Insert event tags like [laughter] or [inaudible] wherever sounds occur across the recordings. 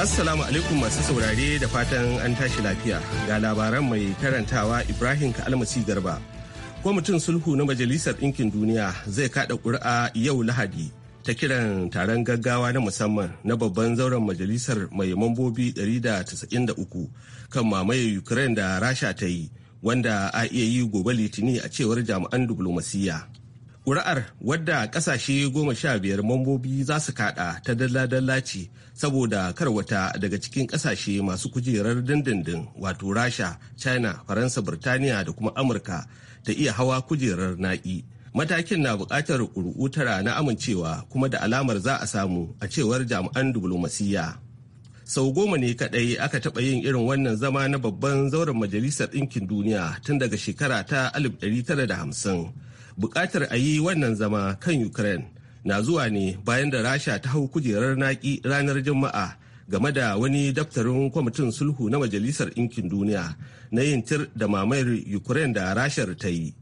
Assalamu alaikum masu saurare da fatan an tashi lafiya ga labaran mai karantawa Ibrahim Kalmasi Garba. Kwamitin sulhu na Majalisar Ɗinkin Duniya zai kaɗa ƙuri'a yau Lahadi ta kiran taron gaggawa na musamman na babban zauren majalisar mai mambobi 193 kan mamaye Ukraine da Rasha ta yi wanda a iya yi gobe litini a cewar jami'an diplomasiyya. kuri'ar wadda ƙasashe goma sha biyar mambobi za su kaɗa ta dalla-dalla ce saboda karwata daga cikin ƙasashe masu kujerar dindindin wato Rasha, China, Faransa, Birtaniya da kuma Amurka ta iya hawa kujerar naƙi. Matakin na bukatar ƙuri'u na amincewa kuma da alamar za a samu a cewar jami'an diflomasiyya. sau goma ne kadai aka taɓa yin irin wannan zama na babban zauren majalisar ɗinkin duniya tun daga shekara ta 1950 bukatar a yi wannan zama kan ukraine na zuwa ne bayan da rasha ta hau kujerar naki ranar juma'a game da wani daftarin kwamitin sulhu na majalisar ɗinkin duniya na yin tir da mamayar ukraine da rashar ta yi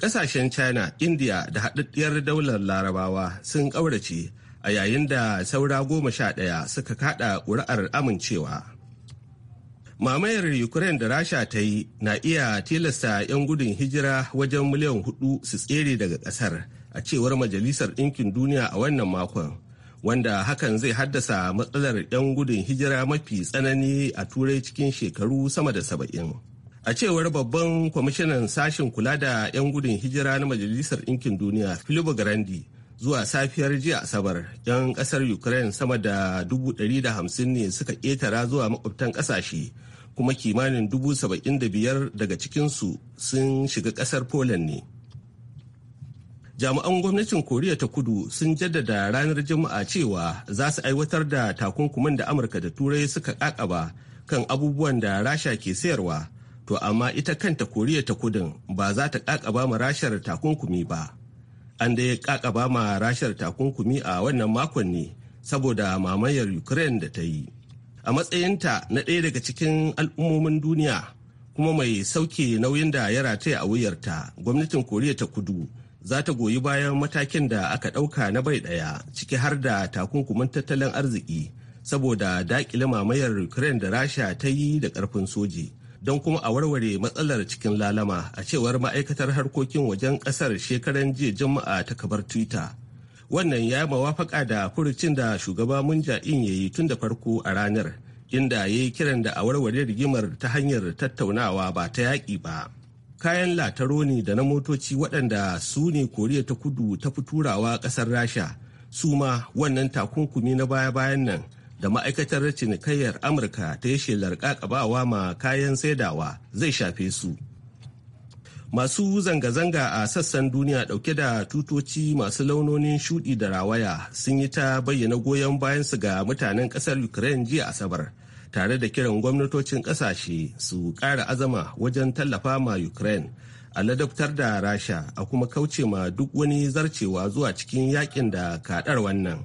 ƙasashen china india da haɗaɗɗiyar daular larabawa sun ƙaurace a yayin da saura goma sha ɗaya suka kaɗa ƙuri'ar amincewa mamayar ukraine da rasha ta yi na iya tilasta 'yan gudun hijira wajen miliyan hudu su tsere daga kasar a cewar majalisar ɗinkin duniya a wannan makon wanda hakan zai haddasa matsalar 'yan gudun hijira mafi tsanani a turai cikin shekaru sama da saba'in a cewar babban kwamishinan sashen kula da 'yan gudun hijira na majalisar ɗinkin duniya filibu garandi zuwa safiyar jiya asabar yan kasar ukraine sama da 150 ne suka ƙetara zuwa makwabtan ƙasashe kuma kimanin dubu saba'in da biyar daga cikinsu sun shiga ƙasar poland ne jami'an gwamnatin koriya ta kudu sun jaddada ranar juma'a cewa za su aiwatar da takunkumin da amurka da turai suka kakaba kan abubuwan da rasha ke sayarwa to amma ita kanta koriya ta kudin ba za ta kakaba ma rashar takunkumi ba an dai kakaba ma rashar takunkumi a wannan makon ne saboda mamayar ukraine da ta yi a matsayinta na ɗaya daga cikin al'ummomin duniya kuma mai sauke nauyin da ya rataya a wuyarta gwamnatin koriya ta kudu za ta goyi bayan matakin da aka ɗauka na bai ɗaya ciki har da takunkumin tattalin arziki saboda daƙile mamayar ukraine da rasha ta yi da ƙarfin soji don kuma a warware matsalar cikin lalama a cewar ma'aikatar harkokin wajen ƙasar shekaran jiya juma'a ta kabar twitter wannan ya mawafaka da furucin da shugaba mun ja'in ya yi tun da farko a ranar inda ya yi kiran da a warware rigimar ta hanyar tattaunawa ba ta yaƙi ba kayan lataro ne da na motoci waɗanda su ne koriya ta kudu ta fi turawa ƙasar rasha su ma wannan takunkumi na baya-bayan nan da ma'aikatar cinikayyar amurka ta yi shelar ƙaƙabawa ma kayan saidawa zai shafe su masu zanga-zanga a sassan duniya dauke da tutoci masu launonin shudi da rawaya sun yi ta bayyana goyon bayansu ga mutanen kasar ukraine jiya asabar tare da kiran gwamnatocin kasashe su kara azama wajen tallafa ma ukraine a ladabtar da rasha a kuma kauce ma duk wani zarcewa zuwa cikin yakin da kaɗar wannan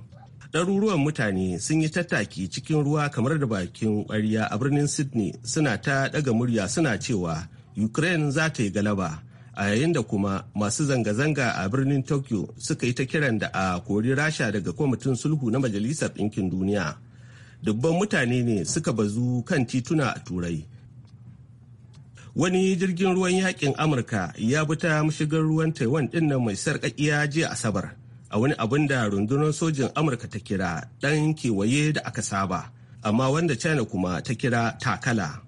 ɗaruruwan mutane sun yi tattaki cikin ruwa kamar da bakin ƙwarya a birnin sydney suna ta ɗaga murya suna cewa ukraine za ta yi galaba a yayin da kuma masu zanga-zanga a birnin tokyo suka yi ta kiran da a kori rasha daga kwamitin sulhu na majalisar ɗinkin duniya dubban mutane ne suka bazu kan tituna a turai wani jirgin ruwan yakin amurka ya bi ta mashigar ruwan taiwan ɗin nan mai sarƙaƙiya jiya asabar a wani abin da rundunar sojin amurka ta kira ɗan kewaye da aka saba amma wanda china kuma ta kira takala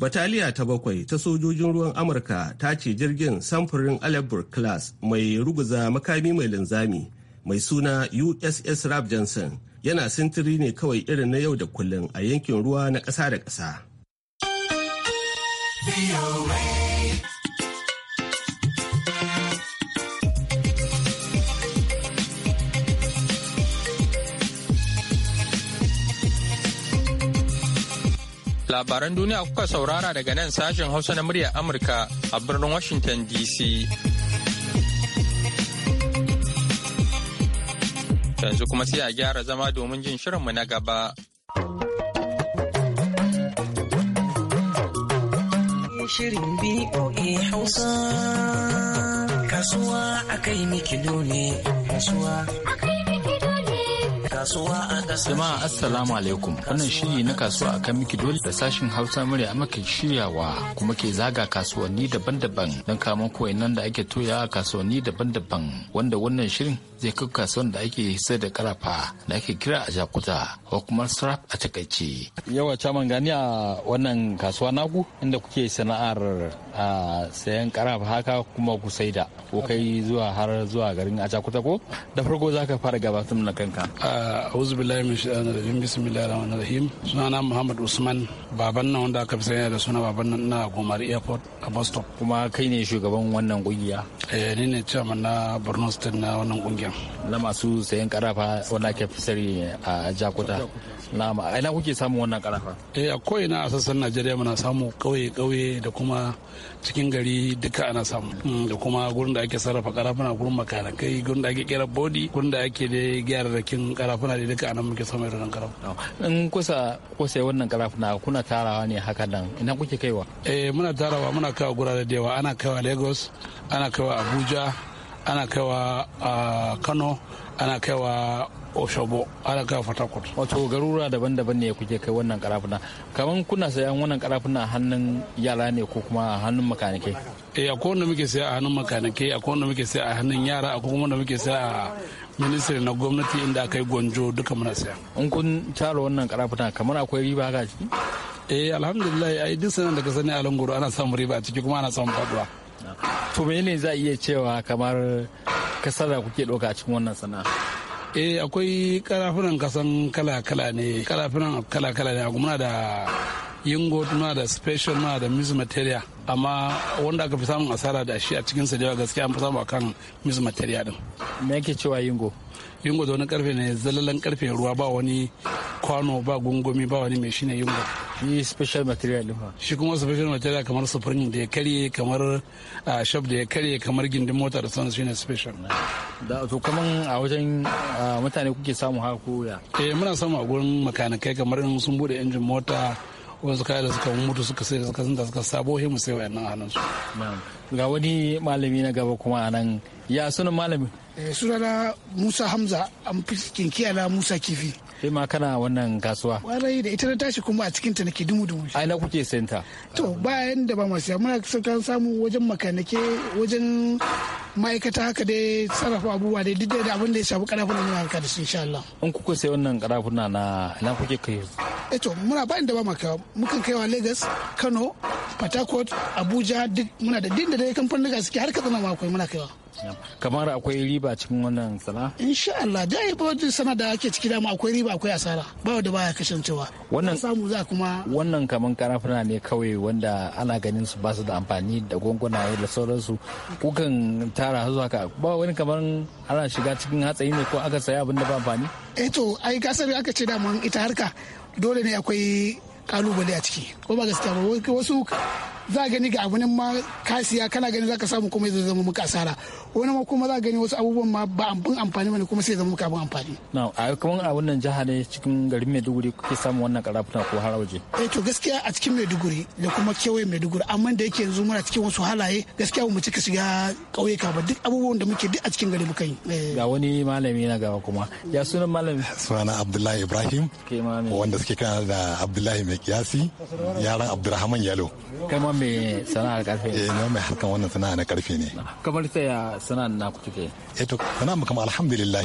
bataliya ta bakwai ta sojojin ruwan amurka ta ce jirgin samfurin alabur class mai ruguza makami mai linzami mai suna uss rap johnson yana sintiri ne kawai irin na yau da kullum a yankin ruwa na ƙasa da ƙasa. Labaran duniya kuka saurara daga nan sashen Hausa na muryar Amurka a birnin Washington DC. Yanzu kuma sai a gyara zama domin jin shirinmu na gaba. Shirin Hausa kasuwa Jama'a Assalamu alaikum wannan shiri na kasuwa akan miki dole da sashin Hausa murya maka shiryawa kuma ke zaga kasuwanni daban-daban don kamo nan da ake toya a kasuwanni daban-daban wanda wannan shirin zai kai kasuwan da ake sai da karafa da ake kira a jakuta ko kuma strap a takaice. Yawa caman gani a wannan kasuwa naku inda kuke sana'ar a sayan karafa haka kuma ku saida ko kai zuwa har zuwa garin a jakuta ko da farko za ka fara gabatar da kanka. A'udhu billahi min shaitanir rajim bismillahir rahmanir rahim sunana Muhammad Usman baban nan wanda aka fi sanya da suna baban nan na Gomar Airport a Boston. Kuma kai ne shugaban wannan kungiya. Eh ni ne caman na Borno State na wannan kungiya. kenan na masu sayan karafa wanda ke fisari a jakuta na ina kuke samun wannan karafa eh a ko'ina a sassan najeriya muna samu kauye kauye da kuma cikin gari duka ana samu mm, da kuma gurin da ake sarrafa karafuna gurin makarakai gurin da ake kera bodi gurin da ake da kin karafuna da duka anan muke samun irin karafa in kusa kusa wannan karafuna kuna tarawa ne haka nan ina kuke kaiwa eh muna tarawa muna kawo gurare da yawa ana kaiwa lagos ana kaiwa abuja ana kaiwa a kano ana kaiwa oshobo ana kaiwa fatakot wato garura daban-daban ne kuke kai wannan karafuna kamar kuna sayan wannan karafuna a hannun yara ne ko kuma a hannun makanike eh a kowanne muke sai a hannun makanike a kowanne muke sai a hannun yara a kuma wanda muke sai a ministry na gwamnati inda aka yi gwanjo duka muna saya in kun tara wannan karafuna kamar akwai riba ga ciki eh alhamdulillah ai duk sanan da ka sani a ana samun riba a ciki kuma ana samun faduwa to menene za a iya cewa kamar kasar da kuke ɗauka a cikin wannan sana'a eh akwai karafunan kasan kala-kala ne karafunan kala-kala ne da Yingo muna da special muna da mis material amma wanda aka fi samun asara da shi a cikin sa da gaskiya an fi samu akan mis material din me yake cewa yingo yungo da wani karfe ne zalalan karfe ruwa ba wani kwano ba gungumi ba wani mai shine yungo shi special material din shi kuma special material kamar spring da ya karye kamar shop da ya karye kamar gindin mota da sun shine special da to kaman a wajen mutane kuke samu haka ko ya eh muna samu a gurin makanikai kamar sun bude injin mota wasu kaya da suka mutu suka sai suka sun da suka sabo mu sai wayannan hannun su ga wani malami na gaba kuma a nan ya sunan malami eh, sunana musa hamza an fi kinkiya na musa kifi kai ma kana wannan kasuwa warai da ita na tashi kuma a cikin ta nake dumu dumu ai na kuke senta to bayan da ba mu ya muna kan samu wajen makanike wajen ma'aikata haka dai sarrafa abubuwa dai duk da abin da ya shafi karafuna muna harka da su insha Allah in kuka sai wannan karafuna na ina kuke kai eto eh muna ba da ba maka mukan kaiwa lagos kano port abuja duk muna da din da dai kamfanin suke har katsina ma akwai muna kaiwa kamar akwai riba cikin wannan sana insha Allah da yi bawajin sana da ake ciki dama akwai riba akwai asara ba da baya kasancewa wannan samu za kuma wannan kaman karafuna ne kawai wanda ana ganin su ba su da amfani da gwangwanaye da sauransu kukan tara zuwa ka ba wani kamar ana shiga cikin hatsayi ne ko aka saya abin da ba amfani eh to ai gasar aka ce d'a mun ita harka dole ne akwai kalubale a ciki ko ba gaskiya ba wasu za gani ga abin ma ka kana gani za ka samu kuma zai zama muka asara wani ma kuma za gani wasu abubuwan ma ba abin amfani bane kuma sai zama muka abin amfani na a kuma a wannan jiha ne cikin garin Maiduguri kuke samun wannan karafuna ko har waje eh to gaskiya a cikin Maiduguri da kuma kewaye Maiduguri amma da yake yanzu muna cikin wasu halaye gaskiya mu cika shiga kauyuka ba duk abubuwan da muke duk a cikin gari muka yi eh. ga wani malami na gaba kuma ya sunan malami sunana Abdullahi Ibrahim wanda suke kana da Abdullahi Mai Kiyasi yaran abdurrahman Yalo kai ma mai sana'ar karfe eh ni mai harkan wannan sana'a na karfe ne kamar ta ya sana'ar na ku take eh to sana'a mu kamar alhamdulillah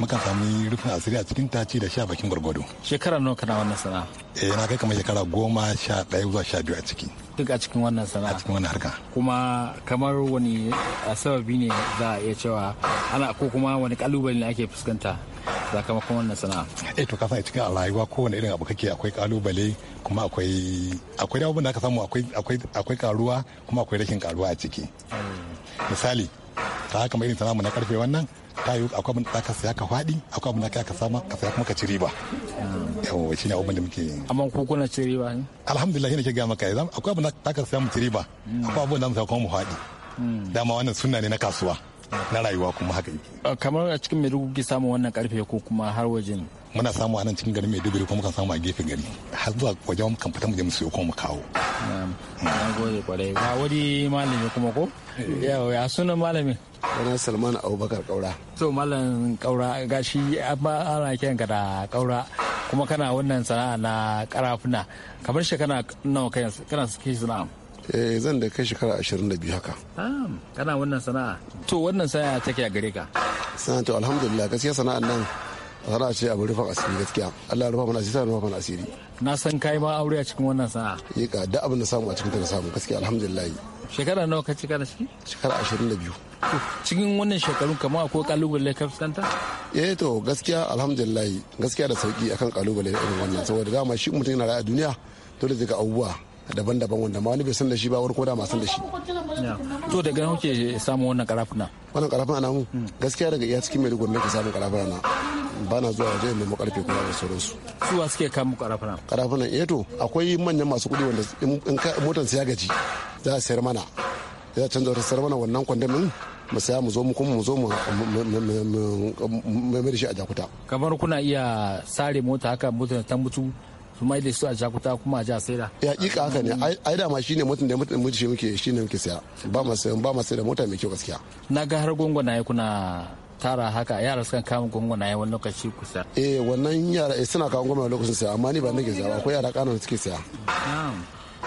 muka sami rufin asiri a cikin taci da sha bakin gwargwado shekara nawa kana wannan sana'a eh na kai kamar shekara goma sha ɗaya zuwa sha biyu a ciki duk a cikin wannan sana'a a cikin wannan harka kuma kamar wani sababi ne za a iya cewa ana ko kuma wani kalubale ne ake fuskanta sakamakon wannan sana'a eh to kasan a cikin rayuwa kowane irin abu kake akwai kalubale kuma akwai akwai abubuwan da aka samu akwai akwai akwai karuwa kuma akwai rashin karuwa a ciki misali ta haka irin sana'a na karfe wannan ta yi akwai abin da ka saya ka faɗi akwai abin da ka sama ka saya kuma ka ci riba yawo shi ne abin da muke amma ku kuna ci riba ne alhamdulillah ne ke ga maka akwai abin da ka saya mu ci riba akwai abin da mu saya kuma mu faɗi hmm. dama wannan sunna ne na kasuwa na rayuwa kuma haka yake kamar a cikin maiduguri kuke samun wannan karfe ko kuma har wajen muna samu a nan cikin mai maiduguri kuma kan samu a gefe gari har zuwa wajen kan fita mu je mu siyo ko mu kawo na gode kwarai ga wani malami kuma ko ya sunan malami Wani Salman Abubakar Kaura. So Malam Kaura gashi ana kiran ka da Kaura kuma kana wannan sana'a na karafuna kamar kana nawa kana suke sana'a. Eh, zan da kai shekara 22 haka kana wannan sana'a to wannan sana'a ta ke a gare ka sana'a to alhamdulillah gaskiya sana'an nan sana'a ce abu rufin asiri gaskiya Allah rufa mana asiri rufa mana asiri na san kai ma aure a cikin wannan sana'a yi ka da abin da samu a cikin ta samu gaskiya alhamdulillah shekara nawa ka cika da shi shekara 22 cikin wannan shekarun kamar akwai kalubale ka fuskanta eh to gaskiya alhamdulillah gaskiya da sauki akan kalubale irin wannan saboda dama shi mutum yana rayuwa duniya dole zai ga abubuwa daban-daban wanda ma wani bai san da shi ba wani koda da san da shi to daga nan kuke samu wannan karafuna wannan karafuna ana mu gaskiya daga iya cikin maiduguri nake samun karafuna na ba na zuwa waje mai makarfe kuma da sauransu suwa suke kamu karafuna karafuna eh to akwai manyan masu kudi wanda in motar su ya gaji za a sayar mana za a canza wata sayar mana wannan kwandamin mu saya mu zo mu kuma mu zo mu mai da shi a jakuta kamar kuna iya sare mota haka mota ta mutu su mai da su a jakuta kuma a ja saida ya kika haka ne ai ma shine mutum da mutum mutum shi muke shine muke saya ba ma sayan ba ma saida mota mai kyau gaskiya na ga har gongona ya kuna tara haka yara suka kama gongona ya wani lokaci kusa eh wannan yara eh, suna kawo a lokacin saya amma ni ba nake saya akwai yara kanan suke saya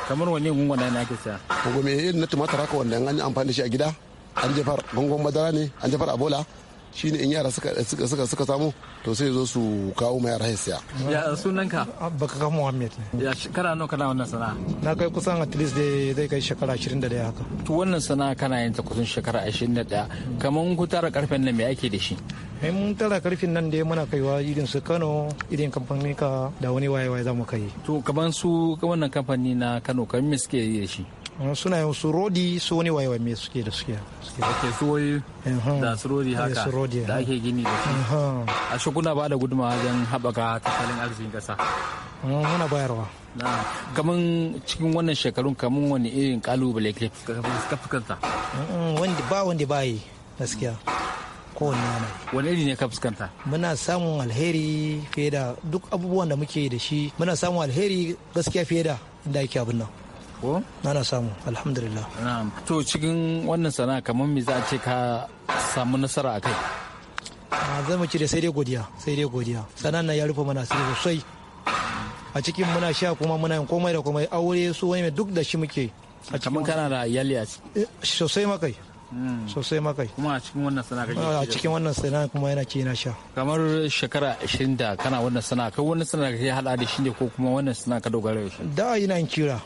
kamar wani gongona ne ake saya gongona irin na tumatar haka wanda an yi amfani da shi a gida an jefar gongon madara ne an jefar abola shine in yara suka suka suka samu to sai zo su kawo mai yara siya ya sunanka abubakar muhammad ne ya shekara nawa kana wannan sana'a na kai kusan at least dai zai kai shekara 21 haka to wannan sana'a kana yin ta kusan shekara 21 kamar ku tara karfen nan me ake da shi mai mun tara karfin nan dai muna kaiwa irin su kano irin kamfanin ka da wani waye waye za mu kai to kaman su wannan kamfani na kano kamar me suke yi da shi suna yin su rodi su wani waye me suke da suke ake suwoyi da su rodi haka da ake gini da su a shi kuna ba da guduma wajen haɓaka tattalin arzikin ƙasa muna bayarwa kamar cikin wannan shekarun kamar wani irin kalubale ke fuskanta wanda ba wanda ba yi gaskiya kowane yana wani iri ne ka fuskanta muna samun alheri fiye da duk abubuwan da muke da shi muna samun alheri gaskiya fiye da inda ake abin nan ko? Ana samu, alhamdulillah. Na'am. To cikin wannan sana'a kamar me za a ce ka samu nasara a kai? Ah, Zai mu cire sai dai godiya, sai dai godiya. Sana'an nan ya rufe mana asiri sosai. A cikin muna sha kuma muna yin komai da komai aure su wani duk da shi muke. cikin kana da iyali a eh, Sosai makai. Hmm. sosai makai kuma a cikin wannan sana'a kake ah, a cikin wannan sana'a kuma yana ce yana sha kamar shekara 20 da kana wannan sana'a kai wannan sana'a kake hada da shi ne ko kuma wannan sana'a ka dogara da shi da ina yin kira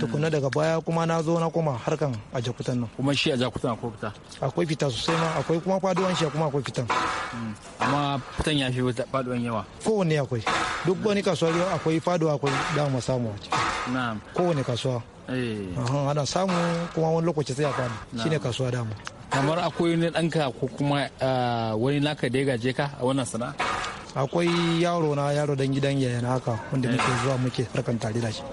tukuna daga baya kuma na zo na koma harkan a jakutan nan kuma shi a jakutan akwai fita akwai fita sosai ma akwai kuma faduwan shi kuma akwai fitan hmm. amma fitan ya fi faduwan yawa kowanne akwai duk wani kasuwa akwai faduwa akwai dama samu a ciki na'am kowanne kasuwa eh ana samu kuma wani lokaci sai a fadi shine kasuwa dama kamar akwai ne ɗanka ko kuma ah, wani naka da ya gaje ka a wannan sana'a akwai yaro na yaro dan gidan yaya na haka wanda eh. muke zuwa muke harkan tare da shi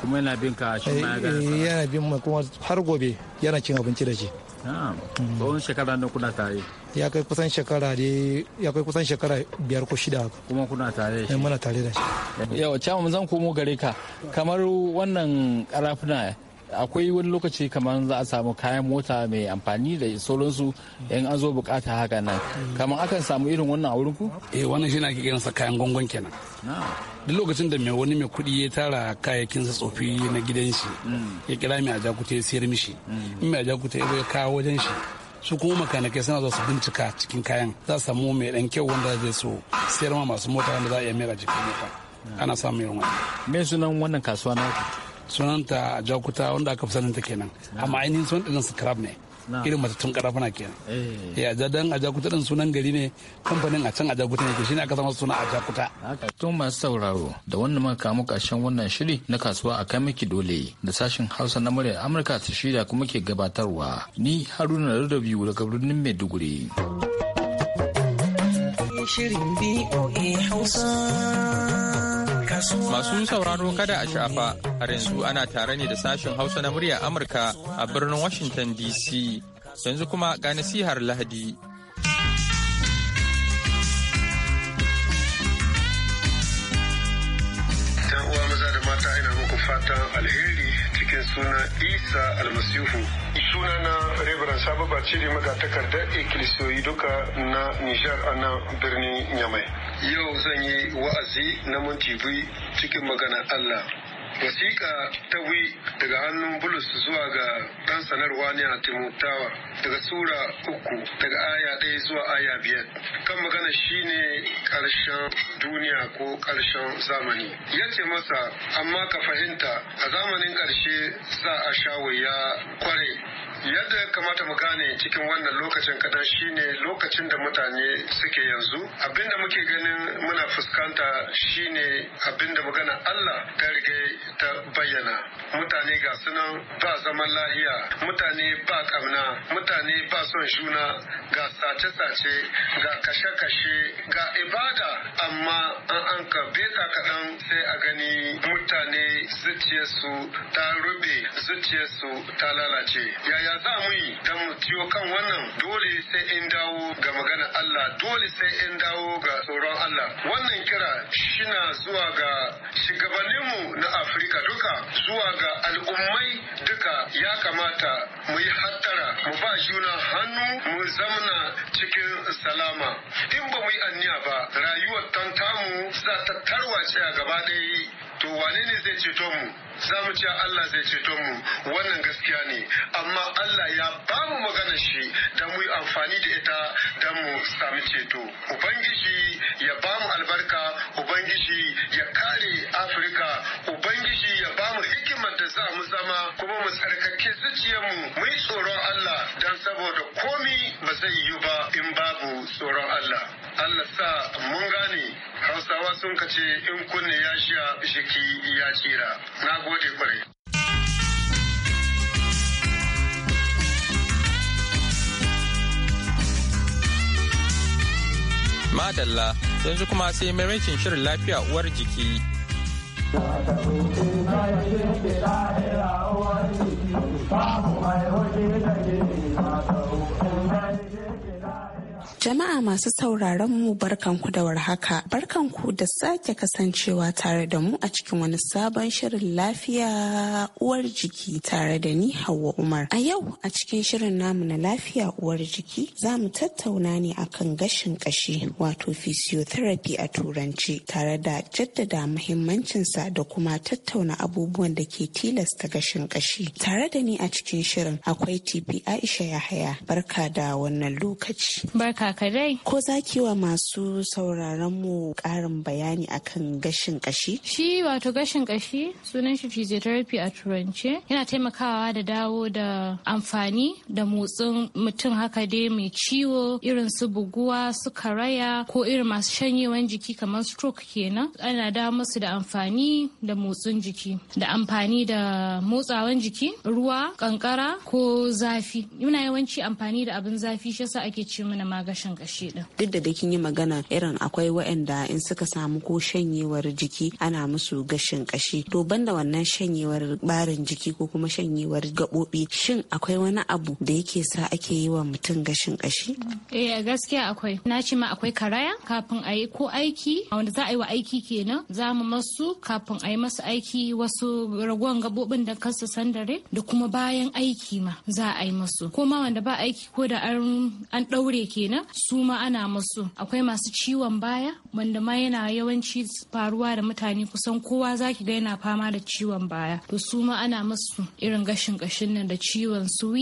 kuma yana bin ka shi ma ya eh, yana bin kuma har gobe yana cin abinci da shi mm. tsawon shekara nan kuna tare ya kai kusan shekara ne ya kai kusan shekara biyar ko shida kuma kuna tare eh, shi muna tare da shi yau cewa zan komo gare ka kamar wannan karafuna akwai wani lokaci kamar za a samu kayan mota mai amfani da sauransu in an zo bukata haka nan kamar akan samu irin wannan a wurin ku eh wannan shi na ake kiransa kayan gongon kenan duk lokacin da mai wani mai kuɗi ya tara kayayyakin sa tsofi na gidan shi ya kira mai ajakute ya siyar mishi in mai ajakute ya kawo wajen shi su kuma makanikai suna zuwa su bincika cikin kayan za su samu mai dan kyau wanda zai so sayar ma masu mota wanda za a iya mera jikin mota ana samun yawan wani me sunan wannan kasuwa na sunanta jakuta wanda aka fi ta kenan amma ainihin sunan ɗin scrap ne irin matattun karafuna kenan eh. ya zadan jakuta ɗin sunan gari ne kamfanin a can a jakuta ne shine aka zama suna a jakuta. Tun masu sauraro da wannan muka kamu karshen wannan shiri na kasuwa a kai miki dole da sashen Hausa na muryar Amurka ta shirya kuma ke gabatarwa ni Haruna Radabiu daga birnin Maiduguri shirin BOA Hausa Masu sauraro kada a shafa, har yanzu ana tare ne da sashen Hausa na murya Amurka a birnin Washington DC. Yanzu kuma ga nasihar Lahadi. uwa maza da mata ina muku fatan alheri cikin suna isa almasihu suna na sababa magatakardar ikilisiyoyi duka na nijar a nan birnin yamai yau zan yi wa'azi na minti biyu cikin magana Allah. Wasiƙa ta wi daga hannun Bulus zuwa ga ɗan sanarwa ne a Timotawa daga Sura uku daga aya ɗaya zuwa aya biyar. Kan magana shi ne ƙarshen duniya ko ƙarshen zamani. Ya ce masa, amma ka fahimta a zamanin ƙarshe za a sha wuya kwarai. yadda ya kamata mu gane cikin wannan lokacin kadan shine lokacin da mutane suke yanzu abinda muke ganin muna fuskanta shine abinda magana Allah ta rige ta bayyana mutane ga sunan ba zaman lahiya mutane ba kamna mutane ba son juna ga sace-sace ga kashe-kashe ga ibada amma an an ka beta kaɗan sai a gani mutane zuciyarsu ta rube zuciyarsu ta lalace yaya ya za mu yi don mu ciwo kan wannan dole sai in dawo ga magana Allah dole sai in dawo ga tsoron Allah wannan kira shina zuwa ga shugabanninmu na Afirka duka zuwa ga al'ummai duka ya kamata mu yi hattara mu ba juna hannu mu zamna cikin salama in ba mu yi anniya ba rayuwar tantamu za ta tarwace a gaba ɗaya to wane ne zai ceto mu za mu ce Allah zai ceto mu wannan gaskiya ne amma Allah ya ba mu magana shi da mu amfani da ita don mu sami ceto ubangiji ya ba mu albarka ubangiji ya kare afirka ubangiji ya ba mu hikimar da za mu zama kuma mu tsarkake zuciyar mu yi tsoron Allah don saboda komi ba zai yi ba in babu tsoron Allah Allah sa mun gane hausawa sun ka in kunne ya sha shiki ya tsira na gode kwarai madalla yanzu kuma sai maimakin shirin lafiya uwar jiki mai da ke Jama'a masu sauraron mu barkanku da warhaka. Barkanku da sake kasancewa tare da mu a cikin wani sabon shirin lafiya uwar jiki tare da ni Hauwa Umar. A yau a cikin shirin namu na lafiya uwar jiki za mu tattauna ne akan gashin kashi wato physiotherapy a turanci tare da jaddada muhimmancinsa da kuma tattauna abubuwan da ke tilasta gashin kashi. Tare da ni a cikin shirin akwai TP Aisha Yahaya. Barka da wannan lokaci. Barka barka dai. Ko za wa masu sauraron mu ƙarin bayani akan gashin kashi? Shi wato gashin kashi sunan shi physiotherapy a turance yana taimakawa da dawo da amfani da motsin mutum haka dai mai ciwo irin su buguwa su karaya ko irin masu shanyewan jiki kamar stroke kenan ana da musu da amfani da motsin jiki da amfani da motsawan jiki ruwa kankara ko zafi muna yawanci amfani da abin zafi shi yasa ake ce mana kashin kashi din duk da kin yi magana irin akwai waɗanda in suka samu ko shanyewar jiki ana musu gashin kashi to banda wannan shanyewar barin jiki ko kuma shanyewar gaɓoɓi shin akwai wani abu da yake sa ake yi wa mutum gashin kashi eh gaskiya akwai na ce ma akwai karaya kafin a yi ko aiki wanda za a yi wa aiki kenan za mu masu kafin a yi masu aiki wasu ragon gabobin da kansu sandare da kuma bayan aiki ma za a yi masu ko ma wanda ba aiki ko da an ɗaure kenan su ma ana musu akwai masu ciwon baya wanda ma yana yawanci faruwa da mutane kusan kowa zaki ga yana fama da ciwon baya to su ma ana musu irin gashin kashin nan da ciwon su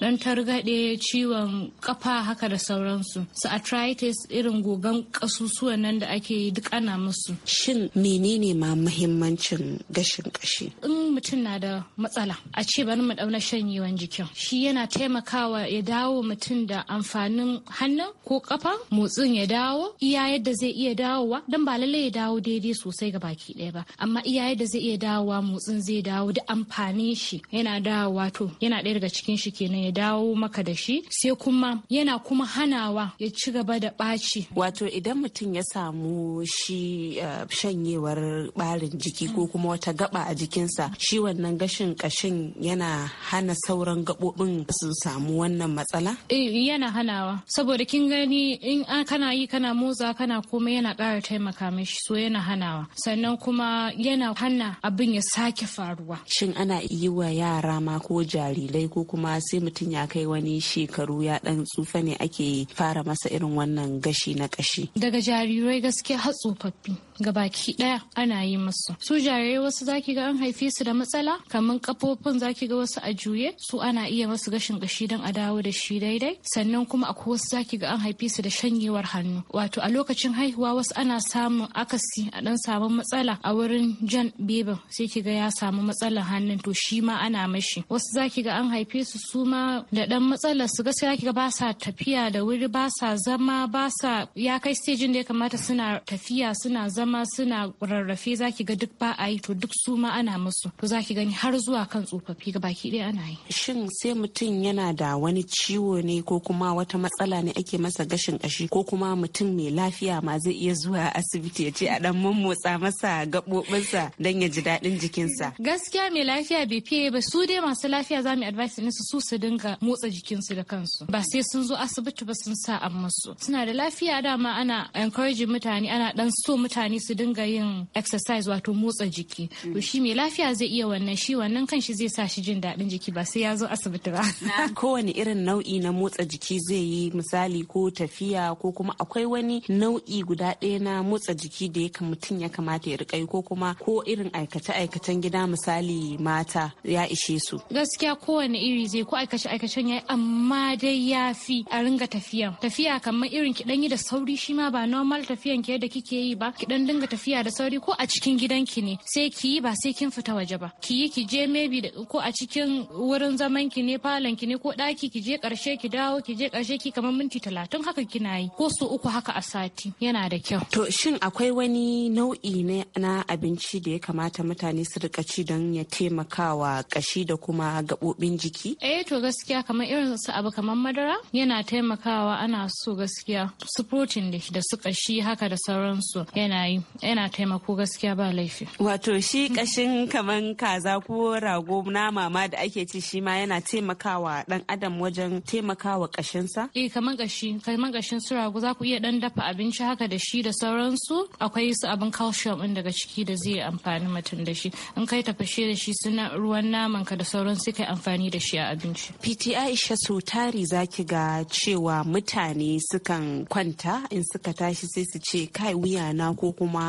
dan targade ciwon kafa haka da sauransu su arthritis irin gogan kasusuwan nan da ake yi duk ana musu shin menene ma muhimmancin gashin kashi in mutum na da matsala a ce bari mu dauna shanyewan jikin shi yana taimakawa ya dawo mutum da amfanin hannu? ko kafa motsin ya dawo iya yadda zai iya dawowa don ba lallai ya dawo daidai sosai ga baki ɗaya ba amma iya yadda zai iya dawowa motsin zai dawo da amfanin shi yana dawowa to yana ɗaya daga cikin shi kenan ya dawo maka da shi sai kuma yana kuma hanawa ya ci gaba da ɓaci. Wato idan mutum ya samu shi eh, shanyewar ɓarin jiki ko kuma wata gaba a jikinsa shi wannan gashin kashin yana hana sauran gaɓoɓin su samu wannan matsala? Eh, yana hanawa saboda kin gani in kana yi kana motsa kana komai yana ƙara taimaka mishi so yana hanawa sannan kuma yana hana abin ya sake faruwa shin ana yi wa yara ma ko jarirai ko kuma sai mutum ya kai wani shekaru ya dan tsufa ne ake fara masa irin wannan gashi na kashi daga jarirai gaskiya har tsofaffi baki daya ana yi musu su jarirai wasu zaki ga an haife su da matsala kamar kafofin zaki ga wasu a juye su ana iya masu gashin kashi don a dawo da shi daidai sannan kuma akwai wasu zaki ga daga an haife su da shanyewar hannu wato a lokacin haihuwa wasu ana samun akasi a dan samu matsala a wurin jan bebin sai ki ga ya samu matsalar hannun to shi ma ana mashi wasu zaki ga an haife su su ma da dan matsalar su gaskiya ki ga ba sa tafiya da wuri ba sa zama ba sa ya kai stejin da ya kamata suna tafiya suna zama suna rarrafe zaki ga duk ba a yi to duk su ma ana musu to zaki gani har zuwa kan tsofaffi ga baki ɗaya ana yi shin sai mutum yana da wani ciwo ne ko kuma wata matsala ne ake ake masa gashin kashi ko kuma mutum mai lafiya ma zai iya zuwa asibiti ya ce a dan mummotsa masa gaɓoɓinsa dan ya ji daɗin jikinsa. Gaskiya mai lafiya bai fiye ba su dai masu lafiya za mu advice ne su su dinga motsa jikinsu da kansu ba sai sun zo asibiti ba sun sa an musu. Suna da lafiya dama ana encouraging mutane ana dan so mutane su dinga yin exercise wato motsa jiki. To shi mai lafiya zai iya wannan shi wannan kanshi zai sa shi jin daɗin jiki ba sai ya zo asibiti ba. [laughs] Kowane irin nau'i na motsa jiki zai yi misali ko tafiya ko kuma akwai wani nau'i guda ɗaya na motsa jiki da ya mutum ya kamata ya riƙa ko kuma ko irin aikace-aikacen gida misali mata ya ishe su. Gaskiya kowane iri zai ko aikace-aikacen ya amma dai ya fi a ringa tafiya. Tafiya kamar irin ki yi da sauri shi ma ba normal tafiyan ki da kike yi ba ki dan dinga tafiya da sauri ko a cikin gidan ki ne sai ki yi ba sai kin fita waje ba. Ki yi ki je maybe ko a cikin wurin zaman ki ne falon ki ne ko ɗaki ki je karshe ki dawo ki je karshe ki kamar minti talatin haka kina yi ko su uku haka a sati yana da kyau. To shin akwai wani nau'i ne na abinci da ya kamata mutane su rika ci don ya taimakawa kashi da kuma gaɓoɓin jiki? Eh to gaskiya kamar irin su abu kamar madara yana taimakawa ana so gaskiya su protein da da su kashi haka da sauransu yana yi yana taimako gaskiya ba laifi. Wato shi kashin kamar kaza ko rago na mama da ake ci shi ma yana taimakawa dan adam wajen taimakawa kashinsa? Eh kamar kashi shi kamar gashin su ragu za ku iya dan dafa abinci haka da shi da sauransu akwai su abin calcium din daga ciki da zai amfani mutum da shi in kai tafashe da shi suna ruwan naman ka da sauran kai amfani da shi a abinci pti aisha sutari zaki ga cewa mutane sukan kwanta in suka tashi sai su ce kai wuya na ko kuma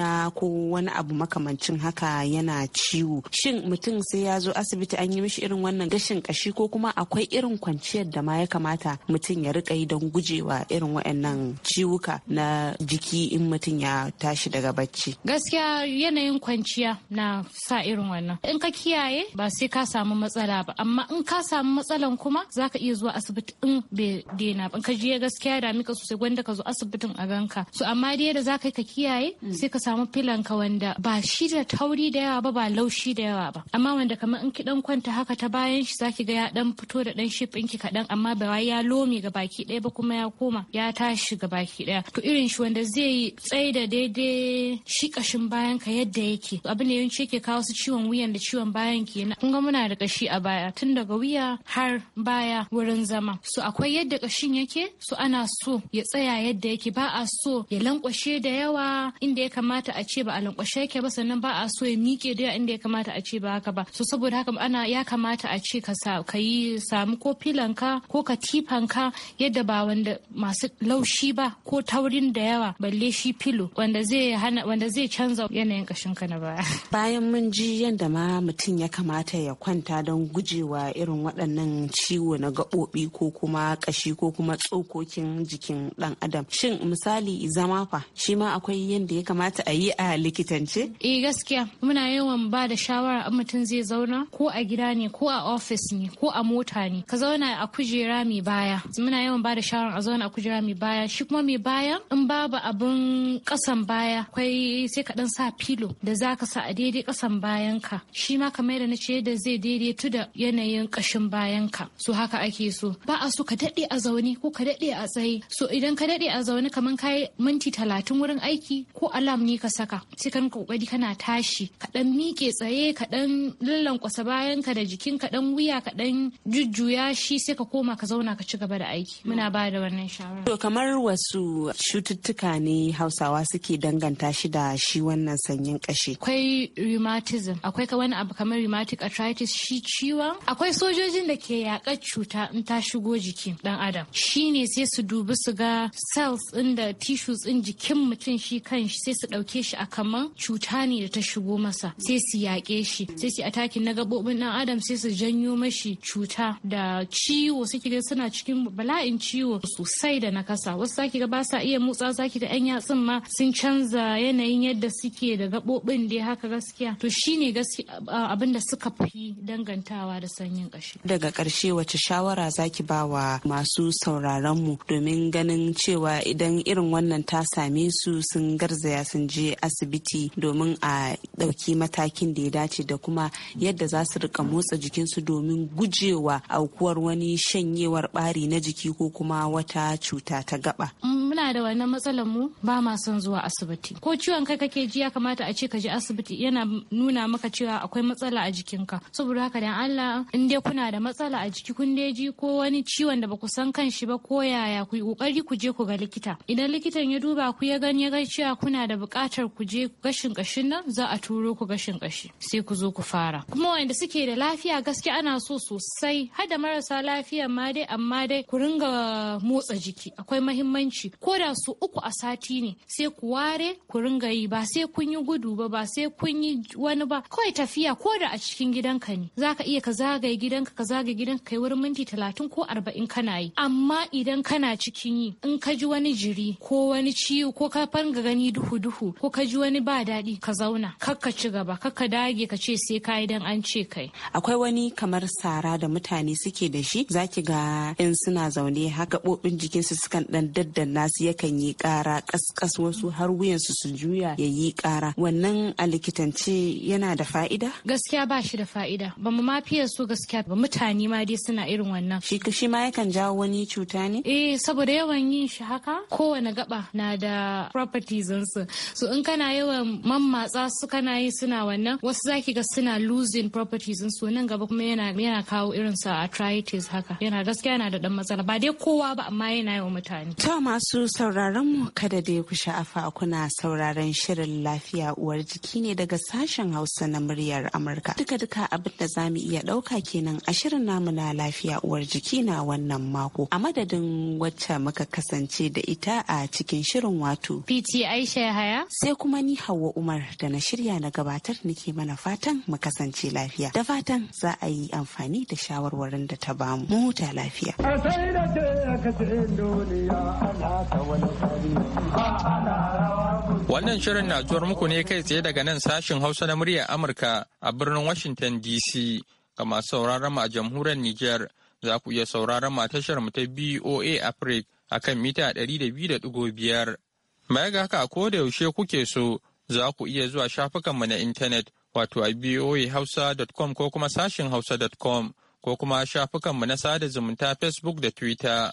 na ko wani abu makamancin haka yana ciwo shin mutum sai ya zo asibiti an yi mishi irin wannan gashin kashi ko kuma akwai irin kwanciyar da ma ya kamata mutum ya rika yi don gujewa irin waɗannan ciwuka na jiki in mutum ya tashi daga bacci. Gaskiya yanayin kwanciya na sa irin wannan. In ka kiyaye ba sai ka samu matsala ba amma in ka samu matsalan kuma za ka iya zuwa asibiti in bai dena ba. In ka je gaskiya da mika sosai gwanda ka zo asibitin a ganka. So amma dai da za ka ka kiyaye mm. sai ka samu filan ka wanda ba shi da tauri da yawa ba ba laushi da yawa ba. Amma wanda kamar in ki dan kwanta haka ta bayan shi zaki ga ya dan fito da dan shifin ki kaɗan amma ba ya lomi ga baki ɗaya ba kuma ya koma ya tashi ga baki ɗaya to irin shi wanda zai yi tsayi da daidai shi kashin bayan ka yadda yake abin da yawanci yake kawo su ciwon wuyan da ciwon bayan kenan kun ga muna da kashi a baya tun daga wuya har baya wurin zama so akwai yadda kashin yake so ana so ya tsaya yadda yake ba a so ya lankwashe da yawa inda ya kamata a ce ba a lankwashe yake ba sannan ba a so ya miƙe da yawa inda ya kamata a ce ba haka ba so saboda haka ana ya kamata a ce ka yi samu ko filanka ko katifanka yadda da ba wanda masu laushi ba ko taurin da yawa balle shi filo wanda zai hana wanda zai canza yanayin kashin ka na baya [laughs] bayan mun ji yanda ma mutum ya kamata ya kwanta don gujewa irin waɗannan ciwo na gaɓoɓi ko kuma kashi ko kuma tsokokin jikin ɗan adam shin misali zama fa shi ma akwai yanda ya kamata a yi a likitance eh gaskiya muna yawan ba da shawara in mutum zai zauna ko a gida ne ko a ofis ne ko a mota ne ka zauna a kujera mai baya muna yawan ba da shawaran a zauna a kujera mai baya shi kuma mai baya in babu abin kasan baya akwai sai ka dan sa filo da za ka sa a daidai kasan bayanka shi ma kamar da na ce yadda zai daidai tu da yanayin kashin bayan ka so haka ake so ba a so ka daɗe a zaune ko ka daɗe a tsaye so idan ka daɗe a zaune kamar kayi minti talatin wurin aiki ko alam ne ka saka sai ka kokari kana tashi ka dan miƙe tsaye ka dan lallankwasa bayanka da jikin ka dan wuya ka dan jujjuya shi sai ka koma ka zauna ka ci gaba da aiki muna ba da wannan shawara. To kamar wasu cututtuka ne Hausawa suke danganta shi da shi wannan sanyin kashe. Akwai rheumatism, akwai wani abu kamar rheumatic arthritis shi ciwon. Akwai sojojin da ke yakar cuta in ta shigo jiki dan adam. Shi ne sai su dubi su ga cells din da tissues din jikin mutum shi kan shi sai su dauke shi a kaman cuta ne da ta shigo masa sai su yaƙe shi sai su ataki na gabobin dan adam sai su janyo mashi cuta da ciwo sai ga suna cikin bala'in ciwo sosai da nakasa wasu zaki ga ba sa iya motsa zaki ga yan yatsun ma sun canza yanayin yadda suke da gaɓoɓin dai haka gaskiya to shine gaskiya abin da suka fi dangantawa da sanyin ƙashi daga karshe wace shawara zaki ba wa masu sauraron mu domin ganin cewa idan irin wannan ta same su sun garzaya sun je asibiti domin a ɗauki matakin da ya dace da kuma yadda za su rika motsa jikinsu domin gujewa aukuwar wani shanyewar ɓari na jiki ko ko kuma wata cuta ta gaba. muna da wannan matsalar mu ba ma son zuwa asibiti ko ciwon kai kake ji ya kamata a ce ka je asibiti yana nuna maka cewa akwai matsala a jikinka saboda haka dan Allah in dai kuna da matsala a jiki kun dai ji ko wani ciwon da ba ku san kan shi ba ko yaya ku kokari ku je ku ga likita idan likitan ya duba ku ya gani ya ga cewa kuna da buƙatar ku je gashin kashin nan za a turo ku gashin kashi sai ku zo ku fara kuma wanda suke da lafiya gaskiya ana so sosai har da marasa lafiya ma dai amma dai ku ringa motsa jiki akwai mahimmanci koda da su uku a sati ne sai ku ware ku ringa yi ba sai kun yi gudu ba ba sai kun yi wani ba kawai tafiya ko da a cikin gidanka ne zaka iya ka zagaye gidanka ka zagaye gidanka kai wurin minti talatin ko arba'in kana yi amma idan kana cikin yi in ka ji wani jiri ko wani ciwo ko ka fanga gani duhu duhu ko ka ji wani ba daɗi ka zauna kakka ci gaba kakka dage ka ce sai ka idan an ce kai akwai wani kamar sara da mutane suke da shi zaki ga in suna zaune haka Ɓoɓin jikinsu sukan ɗan daddana su yakan yi ƙara ƙasƙas wasu har wuyansu su juya ya yi ƙara wannan a likitance yana da fa'ida? Gaskiya ba shi da fa'ida ba mu ma fiye gaskiya ba mutane ma dai suna irin wannan. Shi shi ma yakan jawo wani cuta ne? Eh saboda yawan yin shi haka kowane gaba na da properties su so in kana yawan mammatsa su kana yi suna wannan wasu zaki ga suna losing properties su nan gaba kuma yana yana kawo irin sa arthritis haka yana gaskiya yana da dan matsala ba dai kowa ba amma yana yawan mutane. Ta masu Masu sauraron mu kada dai ku sha'afa kuna sauraron shirin lafiya uwar jiki ne daga sashen Hausa na muryar Amurka. Duka-duka abin da za mu iya ɗauka kenan a shirin namu na lafiya uwar jiki na wannan mako. A madadin wacce muka kasance da ita a cikin shirin wato. PT Aisha Haya. Sai kuma ni Hauwa Umar da na shirya na gabatar nake mana fatan mu kasance lafiya. Da fatan za a yi amfani da shawarwarin da ta bamu. Mu huta lafiya. Wannan shirin na zuwar muku ne kai tsaye daga nan sashin Hausa na muryar Amurka a birnin Washington DC ga masu sauraron mu a jamhuriyar Nijar za ku iya sauraron mu a tashar mu ta BOA Africa kan mita 200.5. mai ga haka ko da yaushe kuke so za ku iya zuwa shafukanmu na intanet wato a boahausa.com ko kuma sashin hausa.com ko kuma shafukanmu na sada zumunta Facebook da Twitter.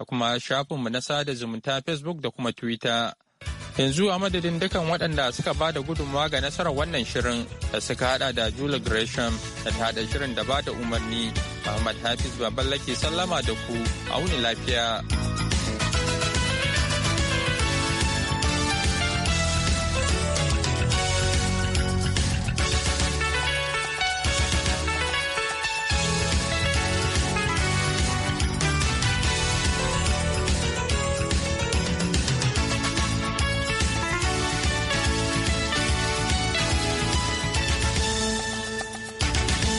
da kuma shafinmu na sada zumunta Facebook da kuma Twitter. Yanzu a madadin dukan waɗanda suka ba da gudunmawa ga nasarar wannan shirin da suka hada da Julie Gresham da ta hada shirin da ba da umarni Muhammad Hafiz ke sallama da ku a wuni lafiya.